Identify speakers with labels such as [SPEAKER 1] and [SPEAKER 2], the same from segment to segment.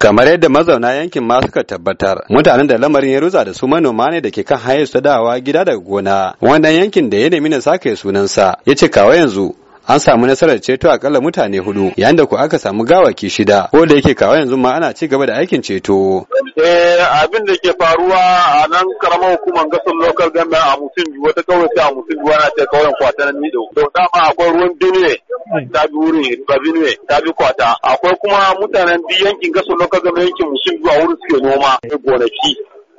[SPEAKER 1] kamar yadda mazauna yankin ma suka tabbatar mutanen da lamarin ya rusa da su manoma ne da ke kan hanyar su dawowa gida daga gona wannan yankin da ya nemi na sake sunansa ya ce kawai yanzu an samu nasarar ceto akalla mutane hudu yayin da ku aka samu gawaki shida ko da yake kawo yanzu ma ana ci gaba da aikin ceto
[SPEAKER 2] eh abin da ke faruwa a nan karamar hukumar gasar local government a mutum wata kawai sai a mutum na ce kawai kwata na nido to dama akwai ruwan duniya ta bi wuri ta bi ta bi kwata akwai kuma mutanen duk yankin gasar local government yankin mutum biyu a wurin suke noma gonaki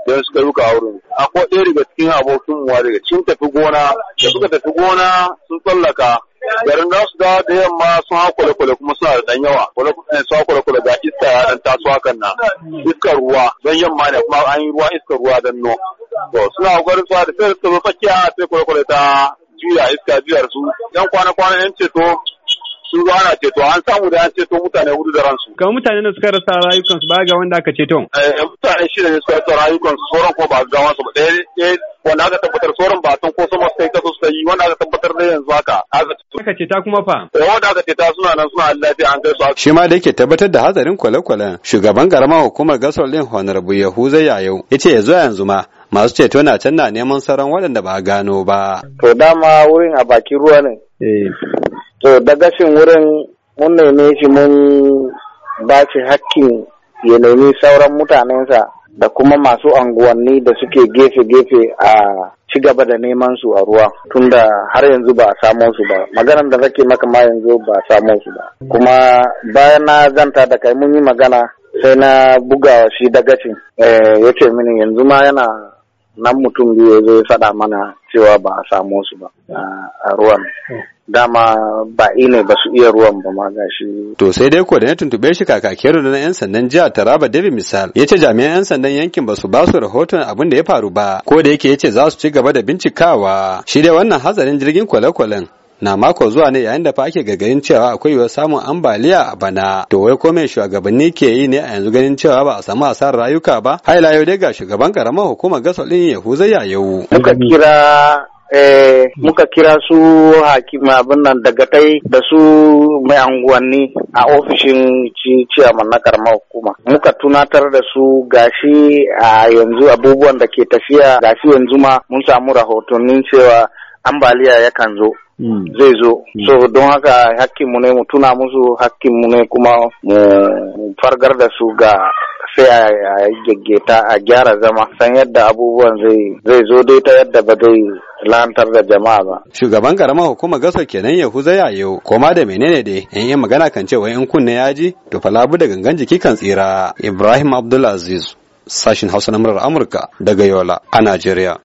[SPEAKER 2] don suka ruka a wurin akwai ɗaya daga cikin abokin wa daga cin tafi gona da suka tafi gona sun tsallaka garin za su da yamma sun ha kwale-kwale kuma suna da dan yawa kwale-kwale eh, sun hau kwale-kwale ga iska ya dan taso hakan nan iskar ruwa don yamma ne kuma an yi ruwa iskar ruwa dan no to suna gwarin su da sai su zo tsakiya sai kwale-kwale ta juya iska juyar su yan kwana-kwana yan ceto sun zo ana ceto an samu da an ceto mutane hudu da ransu.
[SPEAKER 1] Kamar mutane da suka rasa rayukansu ba ga wanda aka ceto.
[SPEAKER 2] Eh mutane shida ne suka rasa rayukansu sauran ko ba ga wasu ba ɗaya wanda aka tabbatar sauran ba san ko sama suka yi kaso suka yi wanda aka tabbatar da yanzu haka aka
[SPEAKER 1] aka ceta kuma fa? da aka ceta suna
[SPEAKER 2] nan suna lafiya an kai su.
[SPEAKER 1] Shi ma da yake tabbatar da hatsarin kwale-kwalen shugaban karamar hukumar gasar din Honorable Yahuza Yayau ya ce ya zuwa yanzu ma masu ceto na can na neman sauran waɗanda ba a gano ba.
[SPEAKER 3] To dama wurin a bakin ruwa ne. Eh. To da gashin wurin mun neme shi mun ba shi hakkin ya nemi sauran mutanensa da kuma masu anguwanni da suke gefe-gefe a ci gaba da neman su a ruwa tunda har yanzu ba a samo su ba maganar da zake maka ma yanzu ba a samo su ba kuma bayan na zanta da kai mun yi magana sai na buga shi dagacin eh, ya yace mini yanzu ma yana nan mutum biyu ya zo ya faɗa mana cewa ba a samo su ba
[SPEAKER 1] a ruwan hmm. dama
[SPEAKER 3] ba ne ba su iya ruwan ba ma gashi.
[SPEAKER 1] To sai dai ko da na tuntube shi kakakin na 'yan sandan jihar Taraba David Misal ya ce jami'an 'yan sandan yankin ba su ba su rahoton abin da ya faru ba ko da yake ya ce za su ci gaba da bincikawa shi dai wannan hatsarin jirgin kwale-kwalen na mako zuwa ne yayin da fa ake gargarin cewa akwai yiwuwar samun ambaliya a bana to wai ko shugabanni ke yi ne a yanzu ganin cewa ba a samu asarar rayuka ba haila yau dai ga shugaban karamar hukumar gasol din yahuzaiya yau muka
[SPEAKER 3] kira eh, muka kira su Hakima abin nan daga tai da su mai anguwanni a ofishin ciyaman na karamar hukuma muka tunatar da su gashi a yanzu abubuwan da ke tafiya gashi yanzu ma mun samu rahotannin cewa ambaliya yakan zo Hmm. zai zo hmm. so don haka mu ne mu tuna musu mu ne kuma mu fargar da su ga sai a gaggeta a gyara zama san yadda abubuwan zai zo dai ta yadda ba zai lantar da jama'a ba.
[SPEAKER 1] Shugaban karamar hukumar gasar kenan ya Yahuza yau? koma da menene dai, in yi magana kan cewa in kunne ya ji, to falabu da gangan jiki kan tsira. Ibrahim Abdulaziz, sashin Hausa na Amurka daga Yola a Najeriya.